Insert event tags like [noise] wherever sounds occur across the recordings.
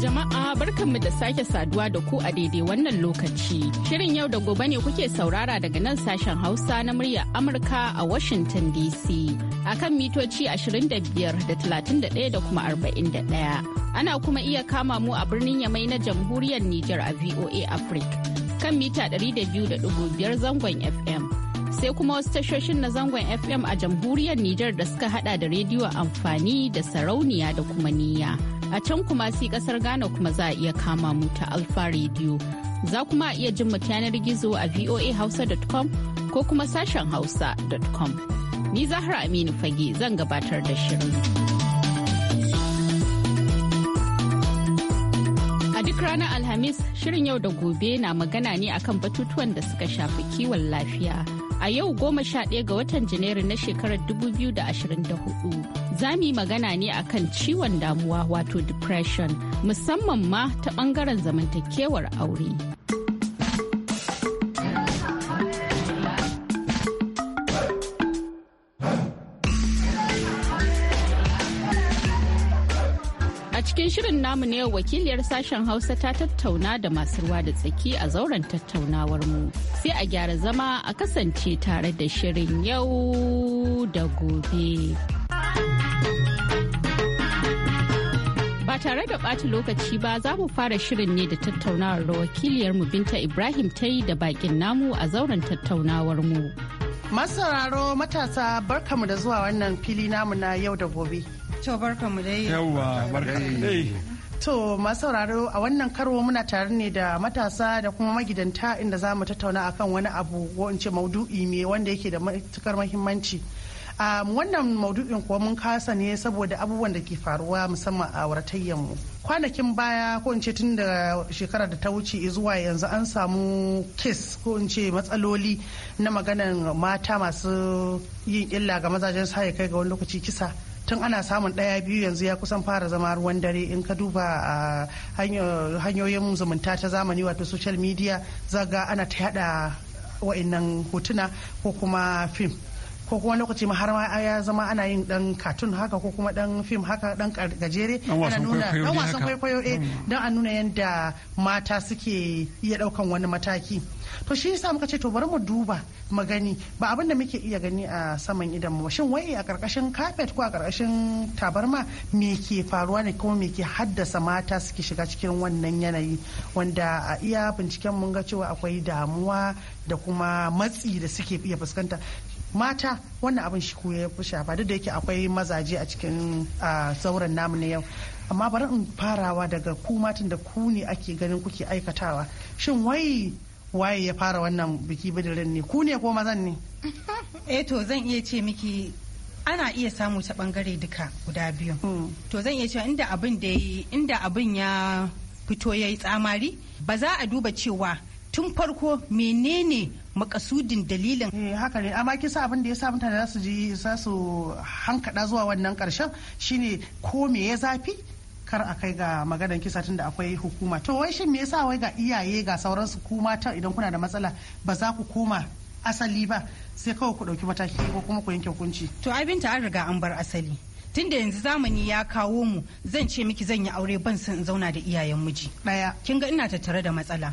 jama'a barkanmu da sake saduwa da ku a daidai wannan lokaci. Shirin yau da gobe ne kuke saurara daga nan sashen Hausa na muryar Amurka a Washington DC. Akan mitoci 25 da 31 da kuma 41. Ana kuma iya kama mu a birnin Yamai na jamhuriyar Nijar a VOA Africa kan mita 200.5 zangon FM. sai kuma wasu tashoshin na zangon FM a jamhuriyar Nijar da suka hada da rediyo amfani da sarauniya da kuma niyya. A can kuma sai kasar Ghana kuma za a iya kama mu ta Alfa Radio. Za kuma iya jin mu yanar gizo a voahausa.com ko kuma sashen hausa.com. Ni Zahra Aminu Fage zan gabatar da shirin. A duk ranar Alhamis, shirin yau da gobe na magana ne akan batutuwan da suka shafi kiwon lafiya. a yau goma sha ɗaya ga watan janairu na shekarar da da hudu za mu yi magana ne akan ciwon damuwa wato depression musamman ma ta ɓangaren zamantakewar aure. namu ne wakiliyar sashen Hausa ta tattauna da masu ruwa da tsaki a zauren tattaunawar mu. Sai a gyara zama a kasance tare da shirin yau da gobe. Ba tare da ɓata lokaci ba za mu fara shirin ne da tattaunawar da wakiliyarmu Binta Ibrahim ta yi da bakin namu a zauren tattaunawar mu. Masauraro matasa barkamu da zuwa wannan fili namu na yau da gobe. To barkamu dai. Yawwa barkamu dai. To masu a wannan karo muna tare ne da matasa da kuma magidanta inda za mu tattauna akan wani abu ko in ce maudu'i ne wanda yake da matukar mahimmanci. wannan maudu'in kuwa mun kasa ne saboda abubuwan da ke faruwa musamman a mu kwanakin baya ko in ce tun da shekarar da ta wuce zuwa yanzu an samu kes ko in ce matsaloli na maganan mata masu yin illa ga mazajen sa kai ga wani lokaci kisa tun ana samun ɗaya biyu yanzu ya kusan fara zama ruwan dare in ka duba hanyoyin zumunta ta zamani wato social media zaga ana ta yada wa'annan hotuna ko kuma fim ko kuma lokaci ma har ma ya zama ana yin dan katun haka ko kuma dan fim haka dan gajere ana nuna dan wasan kwaikwayo eh mm. dan a nuna yadda mata suke iya daukan wani mataki to shi yasa muka ce to bari mu duba magani ba abin da muke iya gani a saman idan mu shin wai a karkashin carpet ko a karkashin tabarma me ke faruwa ne kuma me ke haddasa mata suke shiga cikin wannan yanayi wanda a iya binciken mun ga cewa akwai damuwa da kuma matsi da suke iya fuskanta mata wannan abin shi ya fi shafa duk da yake akwai mazaje a cikin zauren namu na yau amma bari in farawa daga ku matan da ku ne ake ganin kuke aikatawa shin wai waye ya fara wannan biki bidirin ne ku ne ko mazan ne [laughs] eh to zan iya ce miki ana iya samu ta bangare duka guda biyu hmm. to zan iya cewa inda abin da inda abin ya fito yayi tsamari ba za a duba cewa tun farko menene makasudin dalilin eh, haka ne amma kisa abin da ya sa mutane za su ji za su hankada zuwa wannan karshen shine ko me ya zafi kar a kai ga maganar kisa tun da akwai hukuma to wai shin me yasa wai ga iyaye ga sauransu ku mata idan kuna da matsala ba za ku koma asali ba sai kawai ku ɗauki mataki ko kuma ku yanke hukunci to abin ta an riga an bar asali Tun da yanzu zamani ya kawo mu zan ce miki zan yi aure ban san in zauna da iyayen miji daya kin ga ina tattare da matsala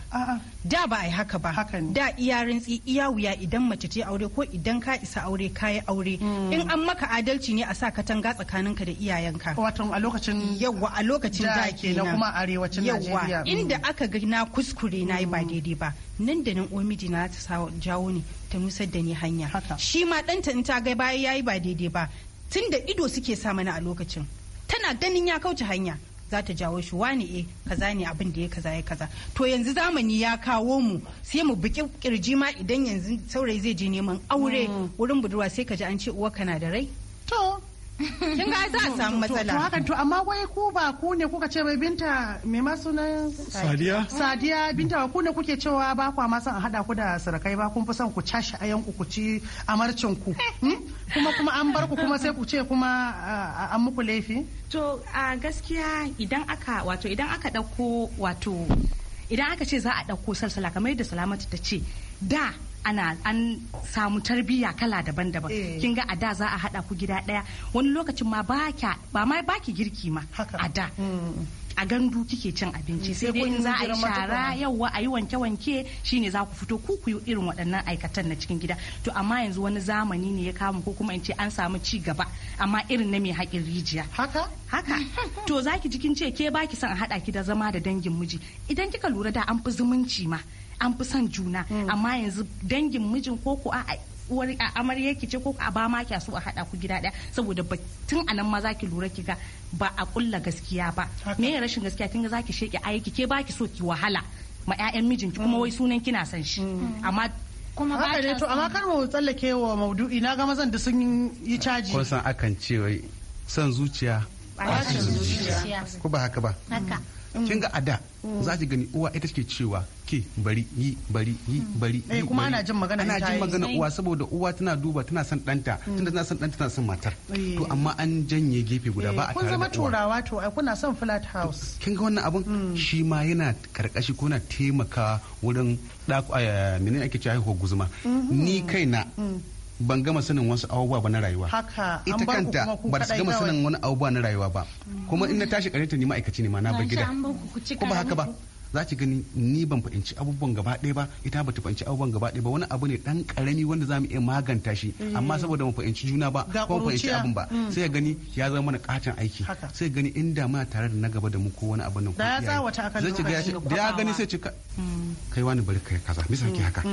da ba a yi haka ba da iya rantsi iya wuya idan mace ce aure ko idan ka isa aure ka yi aure hmm. in an maka adalci ne a sa katanga ka da iyayenka wato a lokacin yawa a lokacin da ke na. kuma arewacin Najeriya inda hmm. aka ga na kuskure na yi ba hmm. daidai ba nan da nan omidi na ta jawo ni ta nusar da ni hanya shi ma ɗanta in ta ga baya yayi ba daidai ba tun da ido suke sa mana a lokacin tana ganin ya kauce hanya za ta jawo shi wani e eh, kaza ne abin da ya kaza ya kaza to yanzu zamani ya kawo mu sai mu biki kirji ma idan yanzu saurayi zai je neman aure mm. wurin budurwa sai ka ji an ce uwa kana da rai kin ga za a samu matsala to hakan to amma wai ku ba ku ne kuka ce bai binta me ma sunan sadiya sadiya binta ku ne kuke cewa ba kwa ma san a hada ku da sarakai ba kun fi son ku cashe ayan ku ku ci amarcin ku hmm? kuma kuma an bar ku kuma sai ku ce kuma an muku laifi to a gaskiya idan aka wato idan aka dauko wato idan aka ce za a dauko sarsala kamar yadda salamatu ta ce da ana an samu tarbiyya kala daban-daban eh. kin ga a da za a hada ku gida daya wani lokacin ma ba ba ma baki girki ma a mm. a gandu kike cin abinci mm. sai dai za a yi shara yauwa a yi wanke-wanke shine za ku fito ku ku irin waɗannan aikatan na cikin gida to amma yanzu wani zamani ne ya kama ko kuma in ce an samu ci gaba amma irin na mai haƙin rijiya haka haka [laughs] to za ki jikin ce ke baki son a haɗa ki da zama da dangin miji idan kika lura da an fi zumunci ma an fi son juna mm. amma yanzu dangin mijin ko ko a uwar a amarya ki ce ko a ba ma kya so a hada ku gida daya saboda tun a nan ma zaki lura ki ga ba a kulla gaskiya ba me ya rashin gaskiya za zaki sheke aiki ke ba ki so ki wahala ma ƴaƴan ki kuma mm. wai sunan kina san shi mm. amma kuma ba ne to amma kar mu tsallake wa maudu'i na ga mazan da sun yi caji kun san akan ce wai son zuciya ba zuciya ko ba haka ba haka Mm. kin ga ada mm. za ki gani uwa ita take cewa ke bari yi bari yi mm. bari eh, yi kuma ana jin magana ana jin magana uwa saboda uwa tana duba tana son danta tunda tana son danta tana son matar eh. to amma an janye gefe guda ba a eh, tare da uwa kun zama turawa to ai kuna son flat house kin ga wannan abun shi ma yana karkashi ko na taimaka wurin menene ake cewa haihuwar guzuma mm-hmm. ni kaina ban gama sanin wasu abubuwa ba na rayuwa ita kanta ba su gama sanin wani abubuwa na rayuwa ba kuma in na tashi ta ni ma'aikaci ne ma na bar gida ko ba haka ba za ki gani ni ban fahimci abubuwan gaba ɗaya ba ita ba ta fahimci abubuwan gaba ɗaya ba wani abu ne dan karami wanda za mu iya maganta shi amma mm. saboda mu fahimci juna ba ko mu fahimci abun ba mm. sai ya gani ya zama mana katin aiki sai gani inda muna tare da na gaba da mu ko wani abu nan ko ya zai ci da ya gani sai ci mm. kai wani bari kai kaza misali ki haka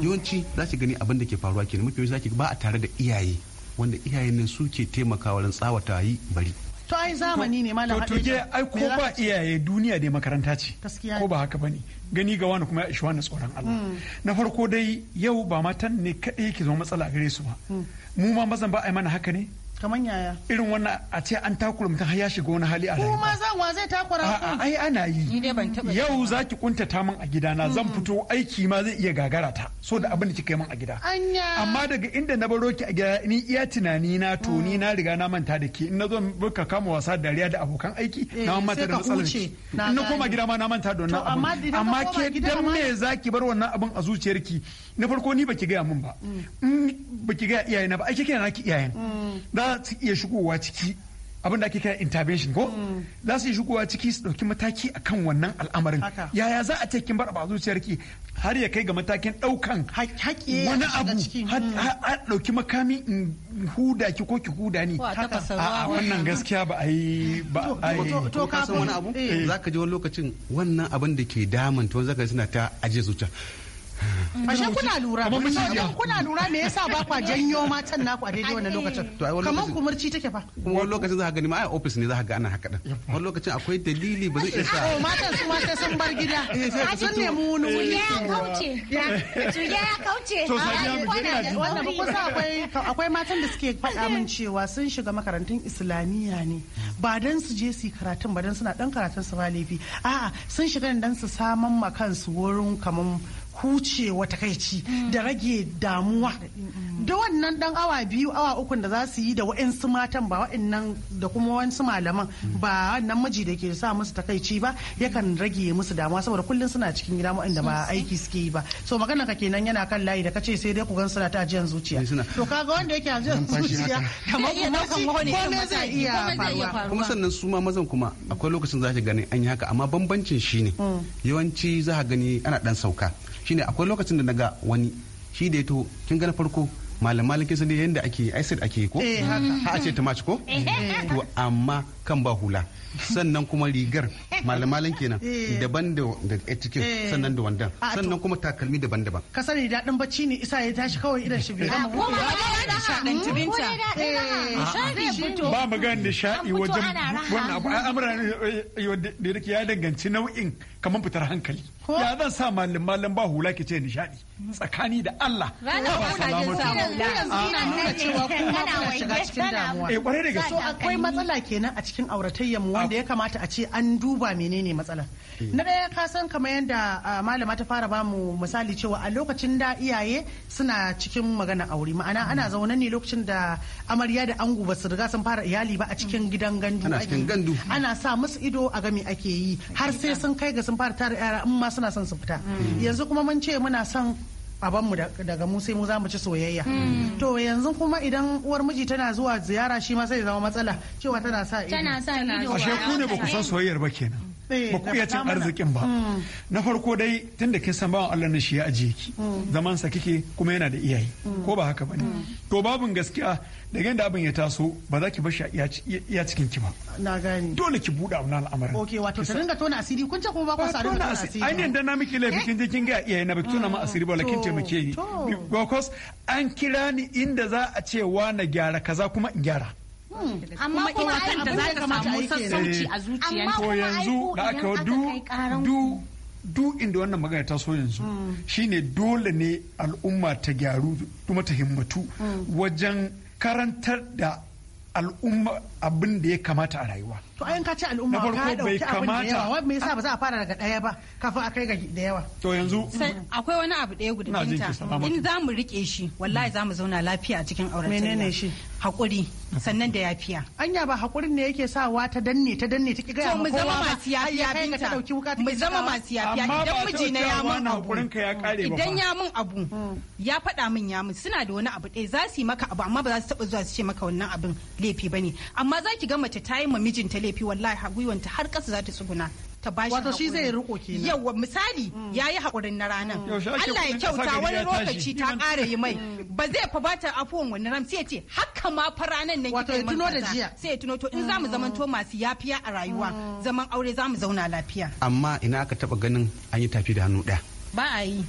yawanci za ki gani abin da ke faruwa kenan mafi yawanci za ki ba a tare da iyaye wanda iyayen nan suke taimakawa ran tsawata yi bari to ai zamani ne malam to je ai ko ba iyaye duniya dai makaranta ce ko ba haka bane gani ga wani kuma ya ishi wani tsoron Allah hmm. na farko dai yau ba matan ne kadai yake zama matsala gare su ba hmm. mu ma mazan ba ai mana haka ne kaman yaya irin wannan a ce an takura mutum har ya shiga wani hali a rayuwa kuma zan wa zai takura ku ai ana yi yau zaki kuntata min a gida na zan mm. fito aiki ma zai iya gagara ta so da abin da kika yi min a gida amma daga inda na baro ki a gida ni iya tunani na to ni mm. na riga na manta da ke in na zo baka kama wasa dariya da abokan aiki eh, na manta da matsalar ki in na koma gida ma na manta da wannan abin amma ke dan me zaki bar wannan abin a zuciyarki na farko ni baki gaya min ba mm. baki gaya iyayena ba ai kike na ki iyayen da za su iya shigowa ciki abin da ake kira intervention ko hmm. za su yi shigowa ciki su ɗauki mataki akan wannan al'amarin yaya za a kin bar ba ki har ya kai ga matakin ɗaukan wani abu a hmm. ɗauki makami in huda ki ko ki huda ni a wannan gaskiya ba a yi ba a yi to ka san wani abu eh. za ka ji wani lokacin wannan abin da ke damanta wani zaka suna ta ajiye zuciya Mm. Ashe kuna lura. Kuna lura me yasa ba kwa janyo matan ku a daidai wannan lokacin. Kamar kumurci take fa. Kuma wani lokacin za ka gani ma ai office ne za ka ga ana haka din. Wani lokacin akwai dalili ba zai iya sa. Oh, matan su ma sai sun bar gida. A sun nemi wuni wuni. Ya kauce. Ya kauce. To sai Wannan ba kusa akwai akwai matan da suke faɗa min cewa sun shiga makarantun islamiyya ne ba dan su je su karatun ba dan suna dan karatun su ba laifi. A'a sun shiga dan su saman ma kansu wurin kamar hucewa takaici mm. da rage damuwa mm, mm, da wannan dan awa biyu awa ukun da za su yi da wa'insu matan ba wa'innan da kuma wa'insu malaman ba wannan miji da ke sa musu takaici ba yakan rage musu damuwa saboda kullum suna cikin gida wa'inda ba aiki suke yi ba so magana ka kenan yana kan layi da kace sai dai ku gan suna ta ajiyar zuciya to kaga wanda yake ajiyar zuciya da mafi komai zai iya faruwa kuma sannan su ma mazan kuma akwai lokacin za ki gani an yi haka amma bambancin shine yawanci za ka gani ana dan sauka shine akwai lokacin da naga wani shi da ya to kin ga na farko malam malikin sun yadda ake acid ake ko eh, a ce ta ko eh. to amma kan ba hula sannan kuma rigar malamalan kenan [laughs] eh. daban da etiket eh. sannan da wandan ah, sannan kuma takalmi daban-daban ka sani daɗin bacci ne isa ya tashi kawai idan shi bai gama ko eh. ah, ba magana nishaɗi wajen wannan abu ne da yake ya danganci nau'in kamar fitar hankali ya zan sa malam malam ba hula ke ce nishaɗi tsakani da Allah ranar ba salamatu nuna cewa kuma ba shiga cikin damuwa eh kwarai da gaske akwai matsala kenan a cikin auratayyar mu da ya kamata a ce an duba menene matsalar eh. na daya ka san kamar yadda ah, malama ta fara bamu misali cewa a lokacin da iyaye suna cikin magana aure ma'ana ana mm. zaune ne lokacin da amarya da ango ba su riga sun fara iyali ba a cikin mm. gidan gandu ana cikin gandu ana sa musu ido a game ake yi har sai sun kai ga sun fara tara yara in ma suna son su fita mm. yanzu kuma mun ce muna son abanmu daga mu sai mu za mu ci soyayya hmm. to yanzu kuma idan uwar miji tana zuwa ziyara shi ma sai zama matsala cewa tana sa ido tana sa ido ashe ku ne ba ku san soyayyar ba kenan Eh, ba ku iya cin arzikin ba hmm. na farko dai tun da kin san bawan Allah na shi ya ajiye ki hmm. zaman sa kike kuma yana da iyaye hmm. ko ba haka bane to babun gaskiya da yanda abin ya taso ba za ki bar shi iya cikin ki ba na gani dole ki buɗe abu na al'amarin okay wato ta dinga tona asiri kun ce kuma ba ku sadu da asiri ainihin da na miki laifi eh? kin je kin ga iyaye na ba ki tona ma asiri ba lakin taimake ni because an kira ni inda za a ce wa na gyara kaza kuma in gyara Hmm, amma kuma a kanta za ta samu a zuciyanta Ko yanzu da aka du du du inda wannan magana ta so yanzu hmm. shine dole ne al'umma ta gyaru kuma ta himmatu hmm. wajen karantar da al'umma abin da ya kamata a rayuwa. To ayin ka ce al'umma ka dauki abin da yawa wai me yasa ba za a fara daga daya ba kafin a kai ga da yawa. To yanzu akwai wani abu daya guda binta in za mu rike shi wallahi za mu zauna lafiya a cikin auratayya. Menene shi? Hakuri sannan da yafiya. Anya ba hakurin ne yake sawa ta danne ta danne ta kiga mu zama masu yafiya binta. Mu zama masu yafiya idan miji na ya mun abu. Idan ya mun abu hmm. ya faɗa min ya mun suna da wani abu ɗaya za su yi maka abu amma ba za su taɓa zuwa su ce maka wannan abin laifi bane amma amma za ki ga mace ta yi ma mijinta laifi wallahi ha gwiwanta har ƙasa za ta tsuguna ta bashi wato shi zai riko kenan yawa misali yayi hakurin na ranan Allah ya kyauta wani lokaci ta ƙara yi mai [laughs] ba zai fa bata afuwan wani ran sai ce haka ma fa ranan nan wato ya tuno sai ya tuno to in zamu mm. zaman to masu yafiya a rayuwa mm. zaman aure zamu zauna lafiya amma ina aka taba ganin an yi tafi da hannu daya ba a yi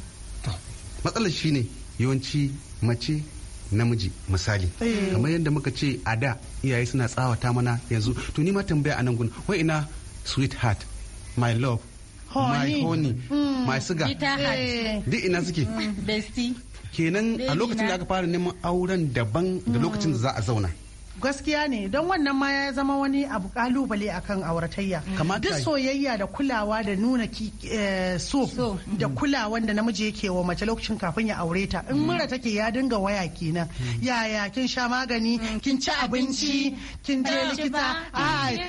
matsalar shine yawanci mace namiji misali kamar yadda muka ce a da iyaye suna tsawata mana yanzu to ni ma tambaya a nan gun wai ina sweetheart my love my honey hmm. my sugar duk ina suke hmm, kenan a lokacin da aka fara neman auren daban da lokacin da za a zauna gaskiya ne don wannan ma ya zama wani abu kalubale akan auratayya mm. duk soyayya da kulawa da nuna eh, so mm. da kulawan da namiji yake wa mace lokacin kafin ya aure ta in mm. mura take ya dinga waya kenan yaya kin sha magani kin ci abinci kin je likita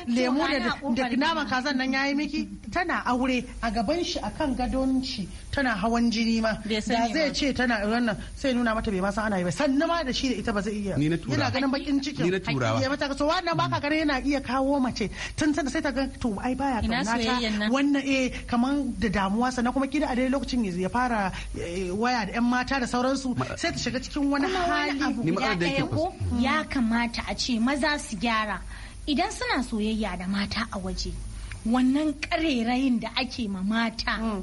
lemu da nama kazan nan yayi miki tana aure a gaban shi akan gadon shi tana hawan jini ma da zai ce tana wannan sai nuna mata bai ma san ana yi ba sannan ma da shi da ita ba zai iya yana ganin bakin cikin ni na turawa ya mata so wannan baka ganin yana iya kawo mace tun tun sai ta ga to ai baya kauna ta wannan eh kaman da damuwa sannan kuma kida a dai lokacin ya fara eh, waya da yan mata da sauransu sai ta shiga cikin wani hali ya kamata a ce maza su gyara idan suna soyayya da mata a waje wannan karerayin da ake ma mata mm.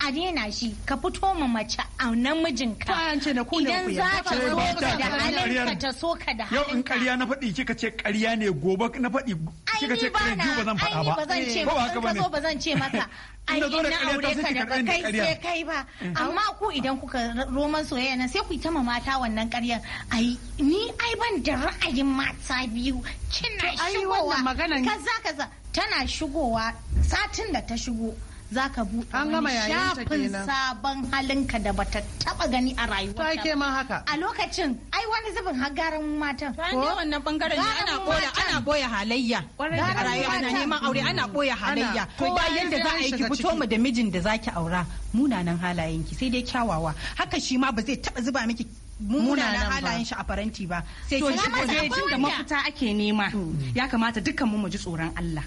a daina shi ka fito ma mace a namijinka idan za ka zo ka da halinka ta so ka da halinka yau in ƙarya na faɗi kika ce ƙarya ne gobe na faɗi kika ce ƙarya ba zan faɗa ba ba eh, haka ba ba zan ce maka [laughs] ai na aure ka daga kai sai kai ba eh. amma ku idan kuka roman soyayya nan sai ku yi ta mata wannan ƙaryar ai ni ai ban da ra'ayin mata biyu kina shigowa kaza kaza tana shigowa satin da ta shigo za ka buɗe wani shafin sabon halinka da bata taba gani a rayuwa ta ma haka a lokacin ai wani zubin har garan matan ko wannan bangaren ne ana boya ana boya halayya a rayuwa ana neman aure ana boya halayya to ba yadda za a yi ki fito mu da mijin da zaki aura munanan halayenki sai dai kyawawa haka shi ma ba zai taba zuba miki munanan halayen shi a faranti ba sai ki ko da mafita ake nema mm. ya kamata dukkan mu mu ji tsoron Allah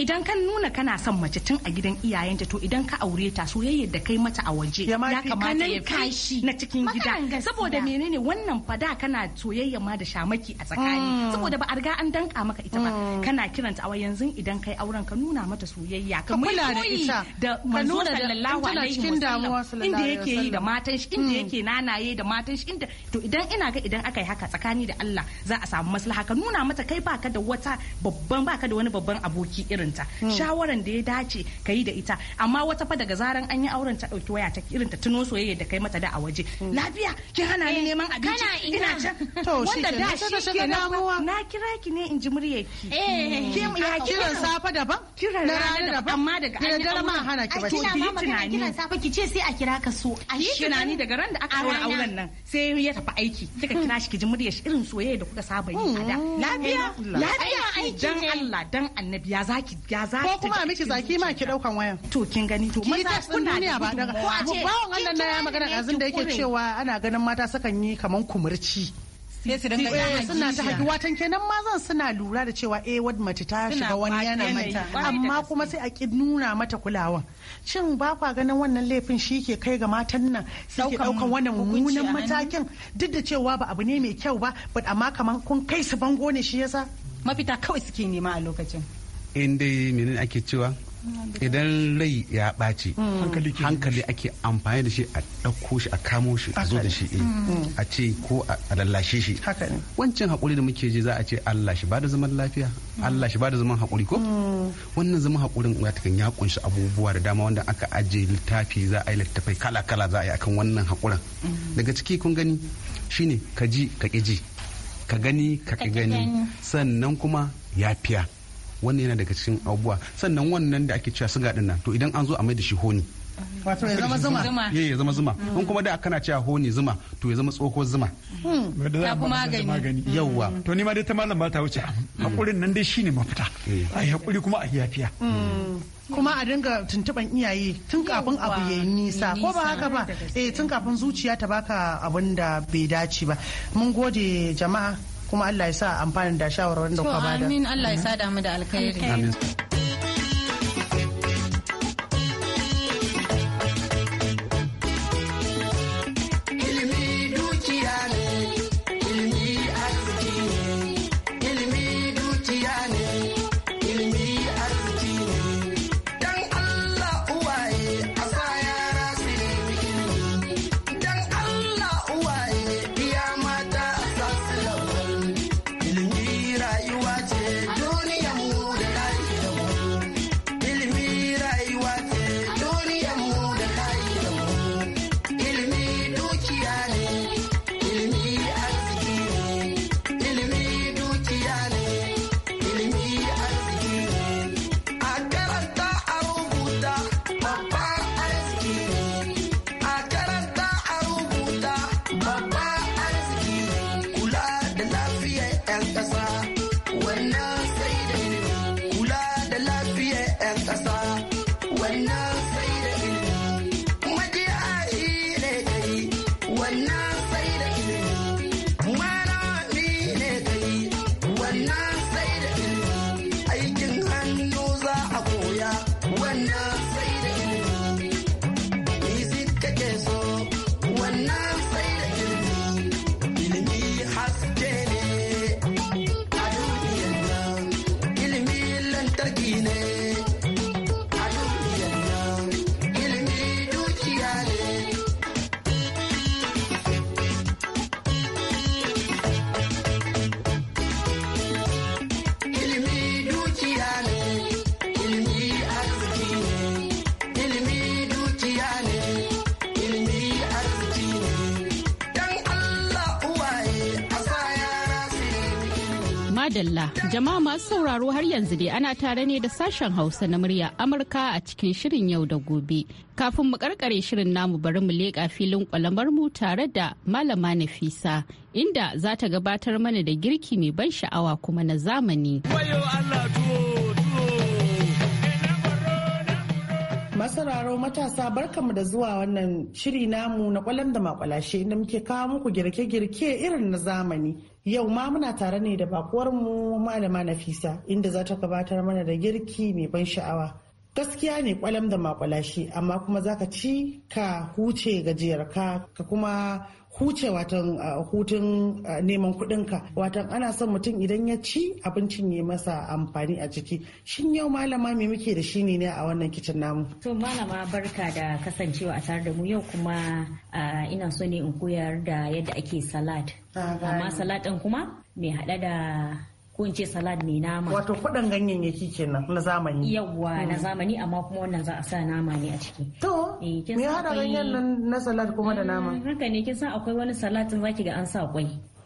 idan ka nuna kana son mace tun a gidan iyayenta to idan ka aure ta soyayyar da kai mata a waje ya kamata ya kashi na cikin gida saboda menene wannan fada kana soyayya ma da shamaki a tsakani hmm. saboda ba a riga an danka maka ita ba hmm. kana kiranta a yanzu idan kai auren ka nuna mata soyayya ka kula da ita da manzo sallallahu alaihi wasallam inda yake yi da matan shi inda hmm. yake nanaye da matan shi inda to idan ina ga idan aka yi haka tsakani da Allah za a samu maslaha ka nuna mata kai baka da wata babban baka da wani babban aboki irin irinta hmm. shawaran da ya dace ka yi da ita amma wata fa daga zaran an yi auren ta dauki waya ta irin ta tuno soyayya da kai mata da a waje hmm. lafiya kin hana ni eh, neman abinci ina can to wanda da shi ke na kira ki ne in ji muryarki eh. hmm. ya ah, kiran safa daban kiran rana daban amma daga an yi auren ma hana ki ba to ki tunani kiran safa ki ce sai a kira ka so a shi tunani daga ran da aka aure auren nan sai ya tafi aiki kika kira shi ki ji muryar shi irin soyayya da kuka saba yi a da lafiya lafiya aiki dan Allah dan annabi ya za zaki ya za ko kuma a miki zaki ma ki daukan wayan to kin gani to ki ta kuna duniya ba daga bawon Allah na ya magana azin da yake cewa ana ganin mata sukan yi kaman kumurci sai su dinga eh, suna ta haɗu watan kenan ma zan suna lura da cewa eh wad mace ta shiga wani yanayi amma kuma sai a ki nuna mata kulawan shin ba kwa ganin wannan laifin shi ke kai ga matan nan ke daukan wannan mummunan matakin duk da cewa ba abu ne mai kyau ba but amma kaman kun kai su bango ne shi yasa mafita kawai suke nema a lokacin in dai menene ake cewa idan rai ya ɓaci hmm. hankali ake amfani da shi a ɗauko shi a kamo shi a zo da shi eh, hmm. a ce ko a lallashe shi wancan haƙuri da muke ji za a ce Allah shi bada zaman lafiya hmm. Allah shi bada zaman haƙuri ko wannan zaman haƙurin watakan ya kunshi abubuwa da dama wanda aka aje littafi za a yi littafai kala kala za a yi akan wannan haƙuran daga ciki kun gani shine ka ji ka ƙi ji ka gani ka ƙi gani sannan kuma yafiya wannan yana daga cikin abubuwa sannan wannan da ake cewa suga din nan to idan an zo a mai da shi honi wato ya zama zuma eh, ya zama zuma in kuma da kana cewa honi zuma to ya zama tsoko zuma ta hmm. kuma magani hmm. yawwa to ni ma dai ta malam ba ta wuce hmm. hakurin nan dai shine mafita eh. ai hakuri kuma a yafiya kuma a dinga tuntuban iyaye tun kafin abu ya yi nisa ko ba haka ba eh tun kafin zuciya ta baka abin da bai dace ba mun gode jama'a kuma Allah ya sa amfani da shawarwarin da kuka bada. Amin Allah ya sa damu da alkhairi. Allah. Jama'a masu sauraro har yanzu dai ana tare ne da sashen Hausa na murya Amurka a cikin shirin yau da gobe. Kafin mu karkare shirin namu bari mu leƙa filin kwalamar mu tare da Malama Nafisa inda za ta gabatar mana da girki mai ban sha'awa kuma na zamani. Wayo Allah tuwo! masararo matasa mu da zuwa wannan shiri namu na kwalam da makwalashe inda muke kawo muku girke-girke irin na zamani yau ma muna tare ne da mu malama nafisa inda za ta gabatar mana da girki mai ban sha'awa gaskiya ne kwalam da makwalashe amma kuma za ka ci ka huce gajiyarka ka kuma huce watan hutun neman kuɗinka watan ana son mutum idan ya ci abincin ya masa amfani a ciki shin yau malama me muke da shi ne a wannan kicin namu to malama barka da kasancewa a tare da mu yau kuma ina so ne in koyar da yadda ake salad amma salad kuma mai hada da ko in ce salad mai nama wato kudin ganyayyaki kenan na zamani yawwa na hmm. zamani amma kuma wannan za a sa nama ne a ciki to eh, me hada ganyen nan na salad kuma da nama mm, haka ne kin san akwai wani salatin zaki ga an sa kwai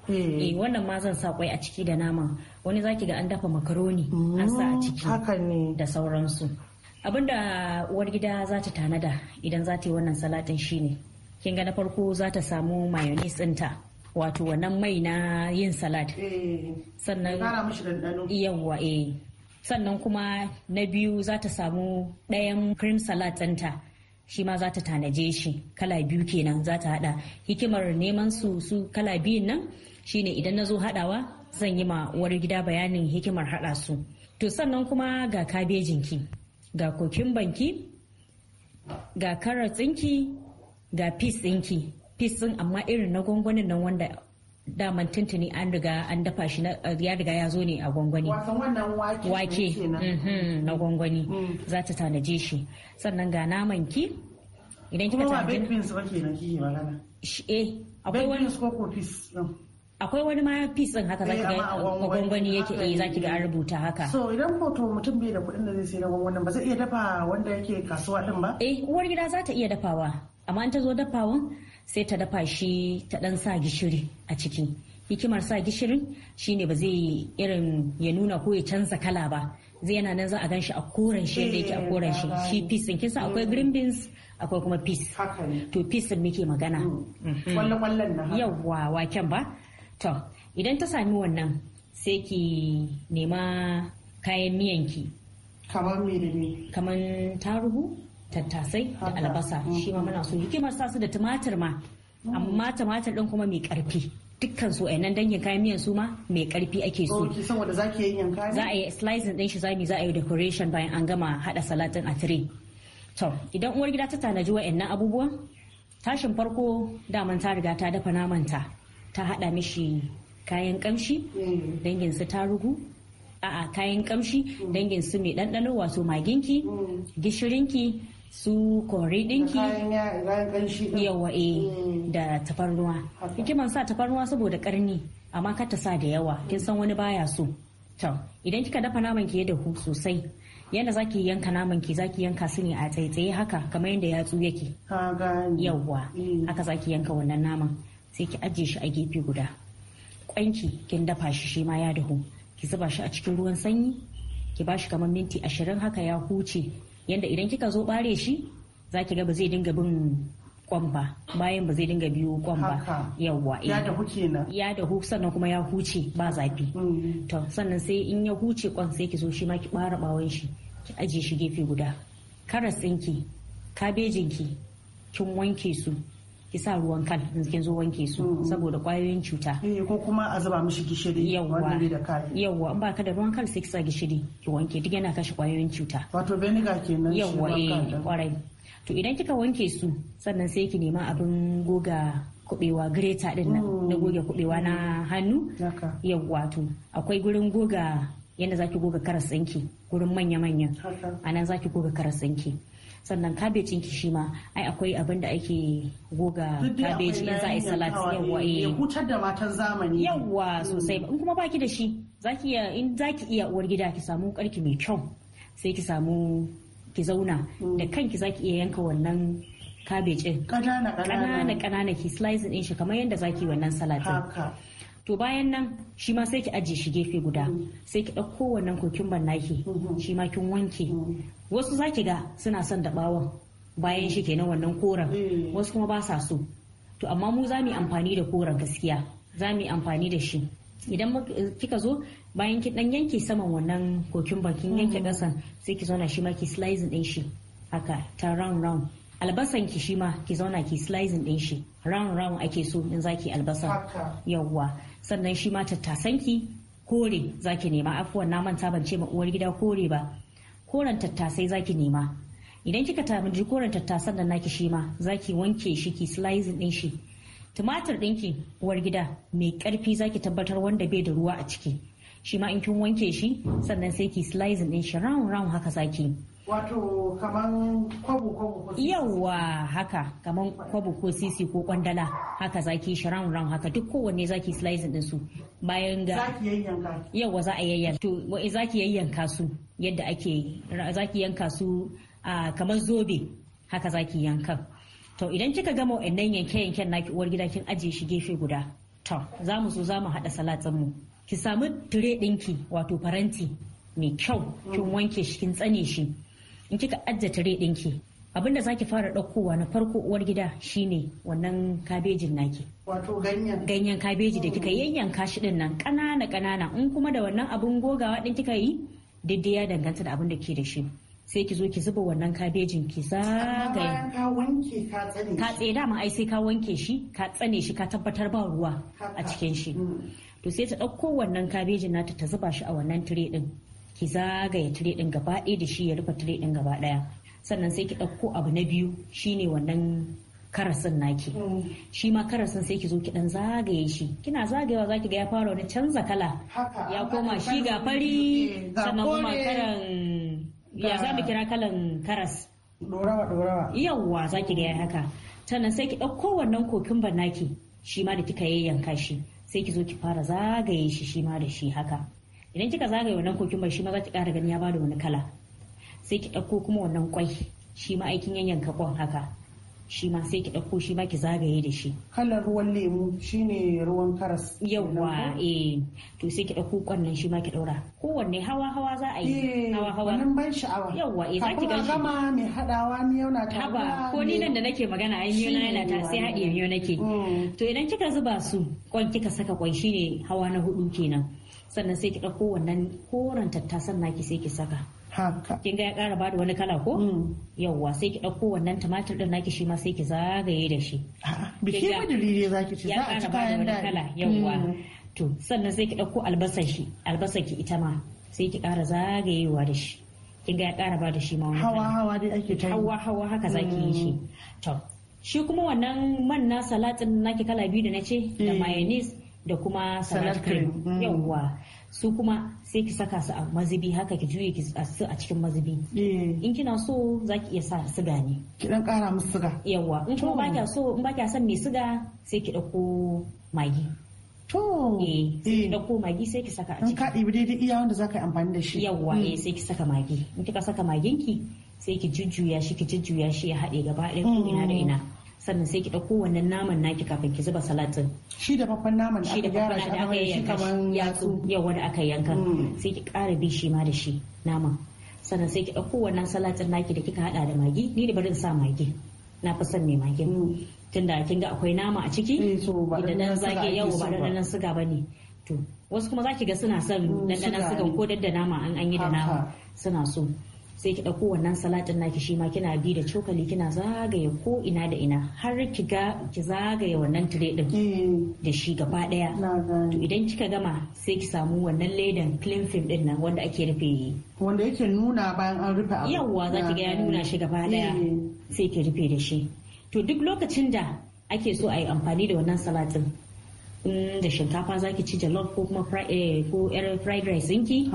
eh. eh wannan ma zan sa kwai a ciki da nama wani zaki ga an dafa makaroni mm, an sa a ciki haka ne da sauransu abinda uwar gida za ta tanada idan za ta yi wannan salatin shine kin ga na farko za ta samu mayonnaise ɗinta wato wannan mai na yin salad eh, sannan yawa eh sannan kuma na biyu za ta samu ɗayan cream salad ɗinta shi ma za ta tanaje shi kala biyu kenan za ta hada hikimar neman su su kala biyun nan shine idan na zo hadawa zan yi ma uwar gida bayanin hikimar hada su to sannan kuma ga kabejinki ga kokin banki ga karatsinki ga pis ɗinki fisin amma irin na gwangwanin nan wanda daman tuntuni an riga an dafa shi eh, ya riga ya zo ne a gwangwani wake mm-hmm, na gwangwani mm. za ta tanaje shi sannan ga naman ki idan kika tanaje kuma ba kenan ki magana eh akwai wani ko pis akwai wani ma pis din haka zaki eh, ga A gwangwani yake eh zaki ga an rubuta haka so idan ko to mutum bai da kuɗin da zai sayi na gwangwanin ba zai iya dafa wanda yake kasuwa din ba eh uwar gida za ta iya dafawa amma an ta zo dafawan sai ta dafa shi ta ɗan sa gishiri a ciki hikimar sa gishirin shine ba zai irin ya nuna ko ya canza kala ba zai yana nan za a gan shi a koren shi yadda yake a eh, koren shi shi peas kisa akwai mm. green beans akwai kuma peas to peas muke magana Yau mm. mhm. wallan waken ba to idan ta sami wannan sai ki nema kayan miyanki kamar me kamar tarugu tattasai da albasa mm. shi ma muna so hikimar sa su da tumatir ma mm. amma tumatir din kuma mai karfi dukkan su dangin kayan miyan su ma mai karfi ake so za a yi slicing din shi za za a yi decoration bayan an gama hada salatin a tire to idan uwar gida ta tanaji wa'annan abubuwan tashin farko daman ta riga ta dafa namanta ta hada mishi kayan kamshi mm. dangin su rugu a'a kayan kamshi dangin su mai ɗanɗano wato maginki gishirinki su kore dinki yawa Eh, da tafarnuwa hikiman sa tafarnuwa saboda karni amma kar ta sa da yawa kin san wani baya so to idan kika dafa naman ki ya dahu sosai yadda zaki yanka naman ki zaki yanka su ne a tsaitsaye haka kamar yadda yatsu yake yawa eh. haka zaki yanka wannan naman sai ki ajiye shi a gefe guda kwanki kin dafa shi shi ma ya dahu ki zuba shi a cikin ruwan sanyi ki ba shi kamar minti ashirin haka ya huce yanda idan kika zo bare shi za ki ga ba zai dinga bin kwan ba bayan ba zai dinga biyo kwan ba yawwa eh. ya dahu na. ya dahu sannan kuma ya huce ba zafi mm. to sannan sai in ya huce kwan sai ki zo shi ma ki bara bawon shi ki ajiye shi gefe guda karas ɗinki kabejinki kin wanke su ki sa ruwan kan kin zo wanke su mm. saboda kwayoyin cuta eh, ko kuma a zuba mishi gishiri yawwa yawwa in baka da ruwan kan sai ki sa gishiri ki wanke duk yana kashe kwayoyin cuta wato vinegar kenan yawwa eh kwarai to idan kika wanke su sannan sai ki nema abin goga kubewa greta din nan mm. na goge kubewa na hannu yawwa to akwai gurin goga yadda zaki goga karas ɗinki gurin manya-manya Anan zaki goga karas ɗinki sannan kabejin ki shi ma ai akwai abin da ake goga kabeji in za a yi salat yawa eh, eh hutar da matan zamani yawa sosai in kuma baki da shi zaki iya in zaki iya uwar gida ki samu karki mai kyau sai ki samu ki zauna da mm. kanki zaki iya yanka wannan kabejin kanana kanana ki slice din shi kamar yadda zaki wannan salatin to bayan nan shi ma sai ki ajiye shi gefe guda sai ki ɗauko wannan kokumban naki shi ma kin wanke wasu za ki ga suna son da bayan shi kenan wannan koren wasu kuma ba sa so to amma mu za mu yi amfani da koren gaskiya za mu amfani da shi idan kika zo bayan ki dan yanke saman wannan kokumban kin yanke kasan mm-hmm. sai ki zauna shi ma ki slicing din shi haka ta round round albasan ki shi ma ki zauna ki slicing din shi round round ake so in zaki albasa yawwa sannan shi ma tattasanki kore zaki nema afuwan na manta ban ce ma uwar gida kore ba koren tattasai zaki nema idan kika ji koren tattasan da naki shi ma zaki wanke shi ki slicing din shi tumatir ɗinki uwar gida mai karfi zaki tabbatar wanda bai da ruwa a ciki shi ma in kin wanke shi sannan sai ki slicing din shi round round haka zaki wato kaman kwabo kwabo yawa haka kaman kwabu ko sisi ko kwandala haka zaki shi ran ran haka duk kowanne zaki slice din su bayan ga zaki yayyanka za a yayyanka to wai eh, zaki yayyanka su yadda ake zaki yanka su kamar zobe haka zaki yanka to idan kika gama wannan yanke yanken naki uwar gida kin ajiye shi gefe guda to za mu zo za mu haɗa salatin mu ki samu tire dinki wato faranti mai kyau kin mm. wanke shi kin tsane shi in kika ajiye tire ɗinki abin da zaki fara ɗaukowa na farko uwar gida shine wannan kabejin naki wato ganyen ganyen kabeji da kika yanyanka shi din nan ƙanana ƙanana in kuma da wannan abin gogawa ɗin kika yi daidai ya danganta da abin da ke da shi sai ki zo ki zuba wannan kabejin ki ka wanke ka tsane tsaye dama ai sai ka wanke shi ka tsane shi ka tabbatar ba ruwa a cikin shi mm. to sai ta ɗauko wannan kabejin nata ta zuba shi a wannan tire ɗin. ki zagaya tire din gaba ɗaya da shi ya rufe tire din gaba ɗaya sannan sai ki ɗauko abu na biyu shine wannan karasin naki mm. shi ma karasin sai ki zo ki dan zagaye shi kina zagayewa zaki ga ya fara wani canza kala ya koma shi ga fari sannan kuma karan ya za mu kira kalan karas dorawa dorawa yawwa ki ga ya haka sannan sai ki ɗauko wannan kokin ban naki shi ma da kika yayyanka shi sai ki zo ki fara zagaye shi shi ma da shi haka idan kika zagaye wannan kokumbar shi ma za ki ƙara gani ya bada wani kala sai ki ɗauko kuma wannan kwai shi ma aikin yanyan kakon haka shi ma sai ki ɗauko shi ma ki zagaye da shi. Kalar ruwan lemu shine ruwan karas. Yawwa eh to sai ki ɗauko kwannan shi ma ki ɗaura. Kowanne hawa hawa za a yi. Eh, hawa hawa. Wannan ban sha'awa. Yawwa eh za ki ganshi. gama mai haɗawa miyau na ta. Haba ko ni nan da nake magana ai miyau na yana ta sai haɗiye yau nake. Mm. To idan kika zuba su kwan kika saka kwai shine hawa na hudu kenan. sannan sai ki ɗauko wannan koren tattasan naki sai ki saka haka kin ga ya ƙara bada wani kala ko mm. yawwa sai ki ɗauko wannan tumatir ɗin naki shi ma sai ki zagaye da shi biki maduri ne zaki ci za a ci kayan da kala yawwa mm. to sannan sai ki ɗauko albasar shi albasar ki ita ma sai ki ƙara zagayewa da shi kin ga ya ƙara bada shi ma wani hawa hawa dai ake ta hawa hawa haka zaki yi shi mm. to shi kuma wannan man na salatin naki kala biyu da na ce da eh. mayonnaise da kuma salad cream mm. yawwa su kuma sai ki saka su a mazubi haka ki juye ki su a cikin mazubi eh. in kina so za ki iya sa siga ne ki dan kara musu siga yawwa in kuma ba kya so in baki son mai siga sai ki dauko magi To. Eh, sai dauko eh. magi sai ki saka a ciki. ka dibi dai iya wanda zaka yi amfani da shi. Yawwa, mm. eh sai ki saka magi. In kika saka maginki sai ki jujjuya shi ki jujjuya shi ya hade gaba ɗaya ko ina da mm. ina. sannan sai ki ɗauko wannan naman naki kafin ki zuba salatin shi da faffan naman da aka gyara shi aka yatsu yawa da aka yanka hmm. sai ki ƙara bi shi ma da shi naman sannan sai ki ɗauko wannan salatin naki da kika haɗa da magi ni da barin sa magi na fi son mai magi hmm. tunda kin ga akwai nama a ciki idan nan zaki yau ba da nan suga ba to wasu kuma zaki ga suna son dandanan hmm, sugan ko da nama an an yi da nama suna so sai ki ɗauko wannan salatin naki shi ma kina bi da cokali kina zagaye ko ina da ina har ki ga ki zagaye wannan tire ɗin. Eh. da shi gaba ɗaya to idan kika gama sai ki samu wannan ledan clean film din nan wanda ake rufe wanda yake nuna bayan an rufe abu yawwa za ki ga ya nuna shi gaba eh. ɗaya sai ki rufe da shi to duk lokacin da ake so a yi amfani da wannan salatin da shinkafa za ki ci jalof ko kuma eh, fried rice ɗinki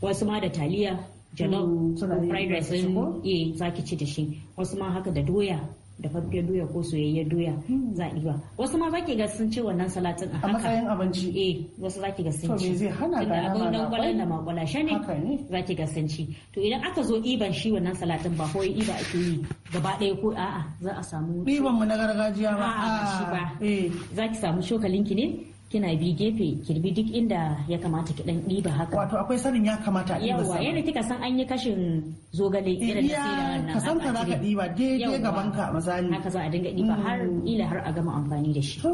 wasu ma da taliya jalof mm, ko fried rice ko eh zaki ci da shi wasu ma haka da doya da faffiyar doya ko soyayyen doya mm. za a ba wasu ma ki ga sun ce wannan salatin a haka a matsayin abinci eh wasu ki ga sun ci to zai hana ga abin nan kwalan da makwala ne zaki ga sun ci to idan aka zo iban shi wannan salatin ba ko iba ake yi gaba ɗaya ko a'a za a samu iban mu na gargajiya ba a'a shi ba ah, eh ki samu shokalinki ne kina bi gefe kirbi duk inda ya kamata ki dan ɗiba haka wato akwai sanin ya kamata a diba yawa yadda kika san an yi kashin zogale irin da sai wannan ka san ka zaka ɗiba daidai gaban ka misali haka za a dinga ɗiba har mm. ila har a gama amfani da shi to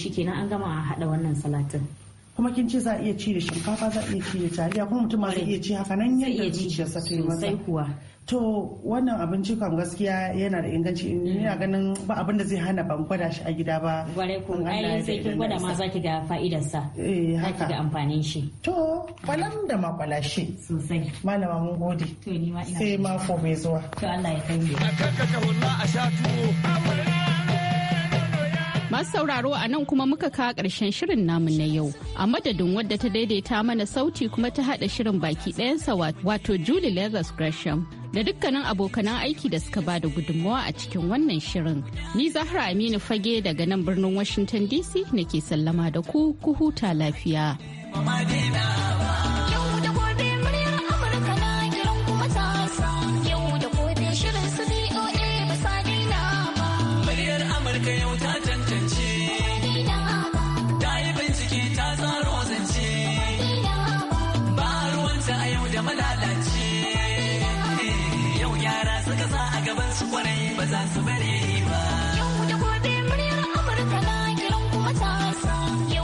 shikenan an gama haɗa wannan salatin kuma kin ce za a iya ci da shinkafa za a iya ci da taliya kuma mutum ma zai iya ci haka nan yadda zuciyarsa ta yi maza kuwa to wannan abinci kam gaskiya yana da inganci ina mm. ganin ba abin da zai hana ban gwada shi a gida ba gware ko ai sai kin gwada ma zaki ga fa'idar sa eh haka ga amfanin shi to kwalam da ma shi sosai malama mun gode to ni ma ina sai mako mai zuwa to Allah ya kai ni a sha tuwo Masu sauraro a nan kuma muka kawo ƙarshen shirin namu na yau. A madadin wadda ta daidaita mana sauti kuma ta haɗa shirin baki ɗayansa wato juli Leathers Gresham. Da dukkanin abokanan aiki da suka bada gudunmawa a cikin wannan shirin. Ni Zahra Aminu Fage daga nan birnin Washington DC nake sallama da ku ku huta lafiya.